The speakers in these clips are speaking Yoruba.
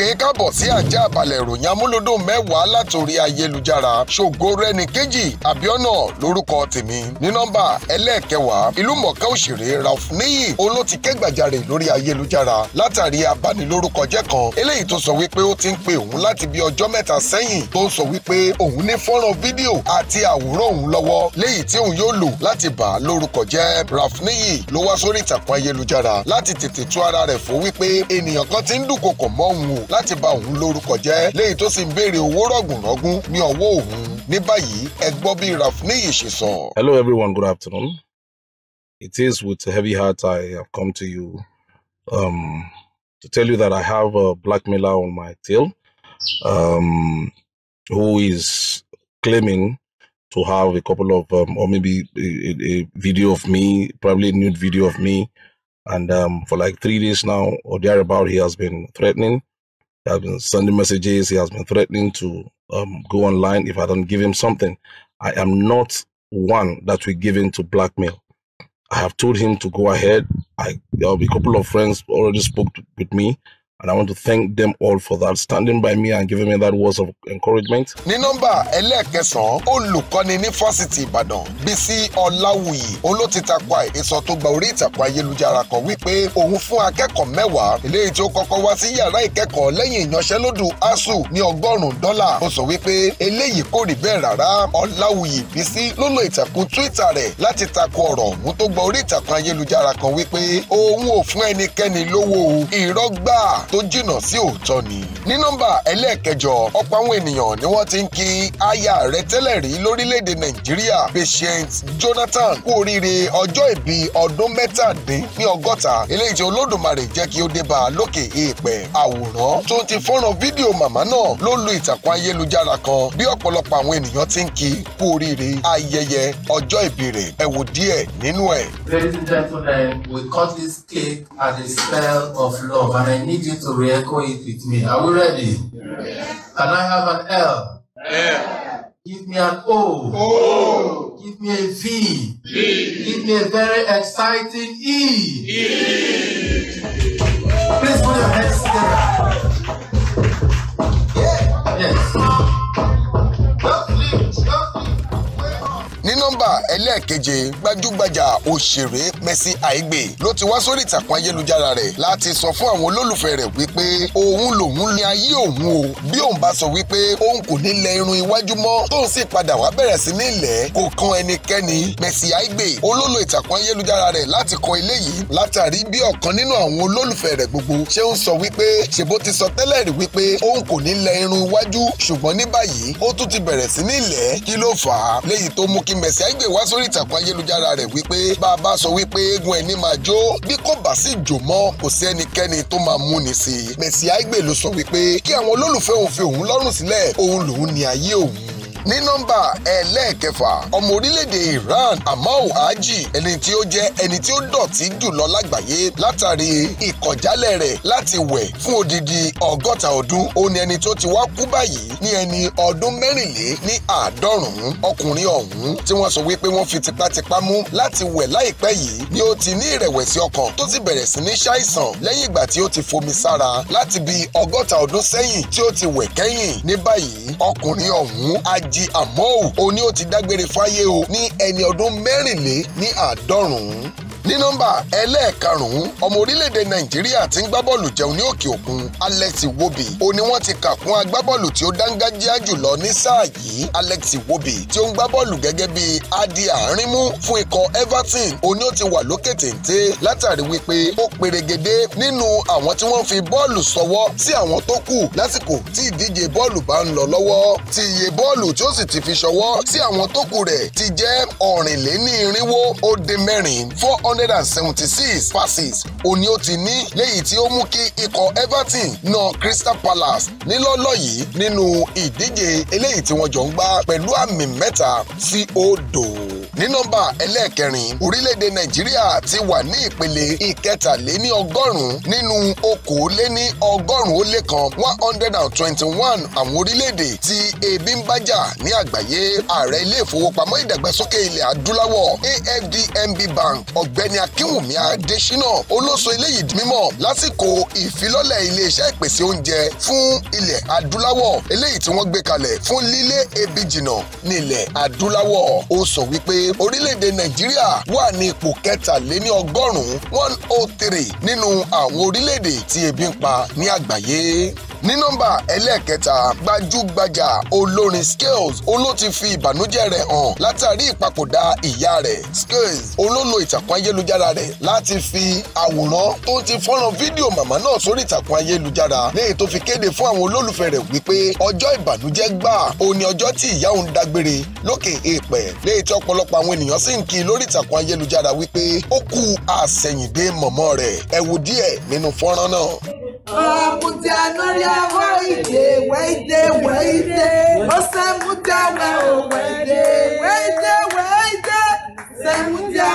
pé káàbọ̀ sí àjà àbàlẹ̀ ìròyìn amúlòdùn mẹ́wàá látòrí ayélujára ṣògo rẹni kejì abiona lórúkọ tèmi ní nọ́mbà ẹlẹ́ẹ̀kẹwàá ìlúmọ̀ọ́ká òṣèré Ralph Niyi olóòtí kẹ́gbàjarè lórí ayélujára látàrí abanilórúkọjẹ́ kan eléyìí tó sọ wípé ó ti ń pe òun láti bí ọjọ́ mẹ́ta sẹ́yìn tó ń sọ wípé òun ní fọ́nrán fídíò àti àwòrán òun lọ́wọ́ léyìí tí òun yóò láti ba òun lórúkọ jẹ́ tó sì ń béèrè owó ní ọwọ́ òun ní báyìí ṣe sọ. Hello everyone, good afternoon. It is with a heavy heart I have come to you um, to tell you that I have a blackmailer on my tail um, who is claiming to have a couple of, um, or maybe a, a, video of me, probably a nude video of me. And um, for like three days now or thereabout, he has been threatening I've been sending messages. He has been threatening to um, go online if I don't give him something. I am not one that we give in to blackmail. I have told him to go ahead. I a couple of friends already spoke to, with me And I want to thank them all for that, standing by me and giving me that words of encouragement. Ní nọ́mbà ẹlẹ́ẹ̀kẹsàn-án, olùkọ́ni ní fásitì Ìbàdàn, Bísí Ọláwùyí, òun ti takò àìsàn tó gba orí ìtàkùn ayélujára kan wípé òun fún akẹ́kọ̀ọ́ mẹ́wàá eléyìí tó kọ́kọ́ wá sí yàrá ìkẹ́kọ̀ọ́ lẹ́yìn ìyanṣẹ́lódù ASUU ní ọgọ́rùn-ún dọ́là. Ó sọ wípé eléyìí kò rí bẹ́ẹ̀ rárá. Ọláwùyí Bísí ló lo ìtàkùn Twitter rẹ̀ láti takò ọ̀rọ̀ òun tó gba orí ìtàkùn tó jìnnà sí òótọ́ ni. ní nọ́mbà ẹlẹ́ẹ̀kẹjọ ọ̀pọ̀ àwọn ènìyàn ni wọ́n ti ń kí aya rẹ̀ tẹ́lẹ̀ rí lórílẹ̀‐èdè nàìjíríà patient jonathan kú oríire ọjọ́ ìbí ọdún mẹ́tàdín ní ọgọ́ta eléyìí tí olódùmarè jẹ́ kí ó dé bá a lókè èèpẹ̀ àwòrán tó ti fọ́nrán fídíò màmá náà ló lu ìtàkùn ayélujára kan bí ọ̀pọ̀lọpọ̀ àwọn ènìyàn ti ń kí kú oríire ayẹyẹ ọjọ́ ìbí rẹ̀ ẹ wò díẹ̀ nínú ẹ̀. ladies and gentlemen we cut this cake at the spell of love and i need you to re echo it with me. Are we ready? Yes. Can I have an L? L. Give me an O. O. Give me a V. V. Give me a very exciting E. E. Please put your hands together. Yeah. Yes. nọ́mbà ẹlẹ́ẹ̀keje gbajúgbajà òṣèré Mercy Aigbe ló ti wá sórí ìtàkùn ayélujára rẹ̀ láti sọ fún àwọn olólùfẹ́ rẹ̀ wípé òun lòun ní ayé òun o bí òun bá sọ wípé òun kò ní lẹ irun iwájú mọ́ tóun sì padà wá bẹ̀rẹ̀ sí ní ilẹ̀ kò kan ẹnikẹ́ni Mercy Aigbe olólo ìtàkùn ayélujára rẹ̀ láti kọ eléyìí látàrí bí ọ̀kan nínú àwọn olólùfẹ́ rẹ̀ gbogbo ṣé ń sọ wípé ṣèbó ti sọ tẹ́lẹ̀ rí wípé òun kò ní lẹ irun iwájú ṣùgbọ́n ní báyìí ó tún ti bẹ̀rẹ̀ sí ní ilẹ̀ kí ló fà á léyìí tó mú kí Mercy Ẹ̀sìágbè wá sórí ìtàkùn ayélujára rẹ̀ wípé bá a bá sọ wípé eégún ẹni máa jó bí kò bá sì jò mọ́ kò sí ẹnikẹ́ni tó máa mú ni sí i Ẹ̀sìágbè ló sọ wípé kí àwọn olólùfẹ́ òun fi òun lọ́rùn sílẹ̀ òun lòun ní ayé òun ní nọ́mbà ẹlẹ́ẹ̀kẹfà ọmọ orílẹ̀-èdè Iran Amau Haji ẹni tí ó jẹ́ ẹni tí ó dọ̀tí jùlọ lágbàáyé látàrí ìkọ̀jálẹ̀ rẹ̀ láti wẹ̀ fún odidi ọgọ́ta ọdún ó ní ẹni tó ti wá kú báyìí ní ẹni ọdún mẹ́rìnlé ní àádọ́rùn-ún ọkùnrin ọ̀hún tí wọ́n sọ wípé wọ́n fi tipátipá mú láti wẹ̀ láìpẹ́ yìí ni ó ti ní ìrẹ̀wẹ̀sì ọkàn tó sì bẹ̀rẹ̀ sí ní ṣàìsàn lẹ́yìn ìgbà tí ó ti fomi sára láti bí ọgọ́ta ọdún sẹ́yìn tí ó ti wẹ̀ kẹ́yìn ní báyìí ọkùnrin ọ̀hún aj Túnjí Àmọ́ù òun ni ó ti dágbére fáyé o ní ẹni ọdún mẹ́rìnlé ní àádọ́rùn-ún ní nọ́mbà ẹlẹ́ẹ̀karùn-ún ọmọ orílẹ̀-èdè nàìjíríà ti ń gbá bọ́ọ̀lù jẹun ní òkè òkun alex iwobi ó ní wọ́n ti kà kún agbábọ́ọ̀lù tí ó dángájíá jùlọ ní sáà yìí alex iwobi tí ó ń gbá bọ́ọ̀lù gẹ́gẹ́ bí adi àrínmú fún ikọ̀ everton ó ní ó ti wà lókè téńté látàrí wípé ó perégedé nínú àwọn tí wọ́n fi bọ́ọ̀lù sọwọ́ sí àwọn tó kù lásìkò tí ìdíje bọ́ọ̀lù bá ń lọ lọ́wọ́ tí iye bọ́ọ̀lù tí ó sì ti fi ṣọwọ́ sí àwọn tó kù rẹ̀ ti hundred and seventy six passes òní ó ti ní léyìí tí ó mú kí ikọ̀ Everton na Crystal Palace nílọ́lọ́ yìí nínú ìdíje eléyìí tí wọ́n jọ ń gbá pẹ̀lú àmì mẹ́ta sí òdo ní nọ́mbà ẹlẹ́ẹ̀kẹrin orílẹ̀-èdè nàìjíríà ti wà ní ìpele ìkẹtàléní ọgọ́rùn-ún nínú okòóléní ọgọ́rùn-ún ó lé kan one hundred and twenty-one àwọn orílẹ̀-èdè tí ebi ń bájà ní àgbáyé ààrẹ ilé ìfowópamọ́ ìdàgbàsókè ilẹ̀ adúláwọ̀ afdmb bank ọ̀gbẹ́ni akínwùmí adésínà olóso eléyìí di mímọ̀ lásìkò ìfilọ́lẹ̀ iléeṣẹ́ ìpèsè oúnjẹ fún ilẹ̀ adúláwọ̀ eléyìí tí wọ́n gbé kalẹ̀ fún lílé ebi jìnnà nílẹ̀ adúláwọ̀ ó sọ wípé orílẹ̀-èdè nàìjíríà wà ní ipò kẹtàléní ọgọ́rùn-ún one oh three nínú àwọn orílẹ̀-èdè tí ebi ń pa ní àgbáyé ní nọ́mbà ẹlẹ́ẹ̀kẹta gbajúgbajà olórin Skills olóti fi ìbànújẹ́ rẹ̀ hàn látàrí ìpapòdà ìyá rẹ̀ Skills olólo ìtàkùn ayélujára rẹ̀ láti fi àwòrán tó ti fọ́nrán fídíò màmá náà sórí ìtàkùn ayélujára ní èyí tó fi kéde fún àwọn olólùfẹ́ rẹ̀ wípé ọjọ́ ìbànújẹ́ gbà ó ní ọjọ́ tí ìyá òun dágbére lókè èèpẹ̀ léyìí tí ọ̀pọ̀lọpọ̀ àwọn ènìyàn sì ń kí lórí ìtàkùn ayélujára wípé ó kú àsẹ̀yìndé mọ̀mọ́ rẹ̀ ẹ wo díẹ̀ nínú fọ́nrán náà. Oh, lórí ọwọ́ ìdè wẹ́ẹ́dẹ́ wẹ́ẹ́dẹ́. Ó sẹ́múdà wẹ́ ò wẹ́ẹ́dẹ́ wẹ́ẹ́dẹ́ wẹ́ẹ́dẹ́. Sẹ́múdà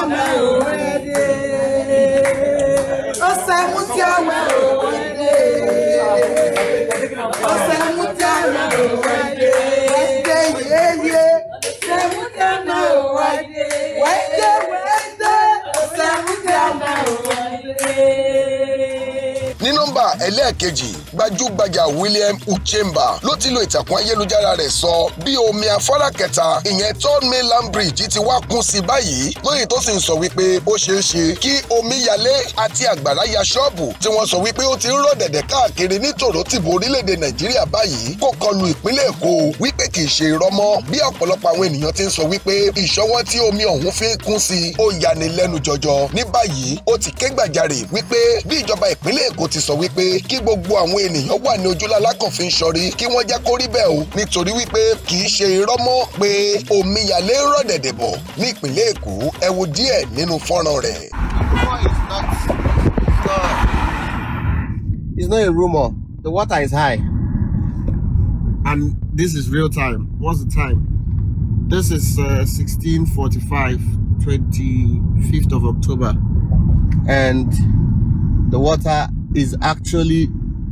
ẹlẹ́ẹ̀kejì gbajúgbajà William Uchemba ló ti lo ìtàkùn ayélujára rẹ̀ sọ bí omi afárá kẹta ìyẹn third mainland bridge ti wá kún sí báyìí lóyè tó sì ń sọ wípé ó ṣeé ṣe kí omi yalé àti àgbàrá ya ṣọ́ọ̀bù tí wọ́n sọ wípé ó ti ń rọ̀ dẹ̀dẹ̀ káàkiri nítorò tìbò orílẹ̀-èdè Nàìjíríà báyìí kó kọlu ìpínlẹ̀ Èkó wípé kì í ṣe irọ́ bí ọ̀pọ̀lọpọ̀ àwọn ènìyàn ti ń sọ wípé ìṣọwọ́ tí omi ọ̀hún fi kún sí ó yanilẹ́nu jọjọ ní báyìí ó ti ké gbàjarè wípé bí ìjọba ìpínlẹ̀ Èkó ti sọ wípé k kí gbogbo àwọn ènìyàn wà ní ojúlá alákànfin sọrí kí wọ́n jẹ́ kó bẹ́ẹ̀ o nítorí wípé kì í ṣe irọ́ mọ́ pé omíyalé ń rọ̀ bọ̀ ní ìpínlẹ̀ Èkó ẹ wo díẹ̀ nínú fọ́nrán rẹ̀. It's not a rumor. The water is high. And this is real time. What's the time? This is uh, 1645, 25th of October. And the water is actually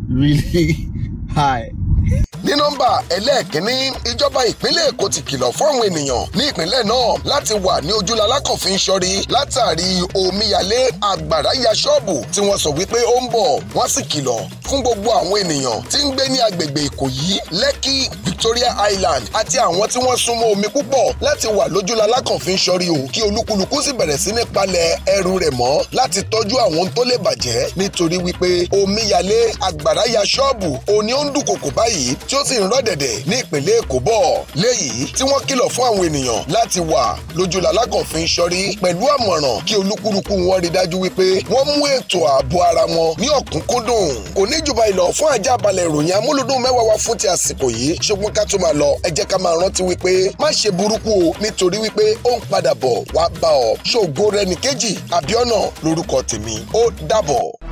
really high. ní nọ́mbà ẹlẹ́ẹ̀kínní ìjọba ìpínlẹ̀ èkó ti kìlọ̀ fún àwọn ènìyàn ní ìpínlẹ̀ náà láti wà ní ojú lalákọ̀fin ṣọ́rí látàrí omíyalé àgbàrá ya ṣọ́ọ̀bù tí wọ́n sọ wípé ó ń bọ̀ wọ́n sì kìlọ̀ fún gbogbo àwọn ènìyàn tí ń gbé ní agbègbè ìkòyí lẹ́kì victoria island àti àwọn tí wọ́n súnmọ́ omi púpọ̀ láti wà lójú lalákọ̀fin ṣọ́rí o kí olúkúlùkù sì bẹ̀rẹ̀ sí ní palẹ̀ ẹrù rẹ̀ mọ́ láti tọ́jú àwọn tó lè bàjẹ́ nítorí wípé omíyalé àgbàrá ya ṣọ́ọ̀bù òní ó ń dùnkòkò báyìí tí ó tó sì ń rọ́dẹ̀dẹ̀ ní ìpínlẹ̀ Èkó bọ̀ léyìí tí wọ́n kìlọ̀ fún àwọn ènìyàn láti wà lójúlà alágànfin ṣọ́rí pẹ̀lú àmọ̀ràn kí olúkúlùkù wọn rí dájú wípé wọ́n mú ètò ààbò ara wọn ní ọ̀kúnkúndùn kò ní jùbà ìlọ fún àjàbalẹ̀ ìròyìn amúlùdùn mẹ́wàá wa fún ti àsìkò yìí ṣùgbọ́n ká tó máa lọ ẹ jẹ́ ká máa rántí wípé má ṣe burúkú o nítorí wípé ó ń padà bọ̀ wá bá ọ ṣògo rẹ nìkejì àbíọ́nà lórúkọ tèmi ó dàbọ̀.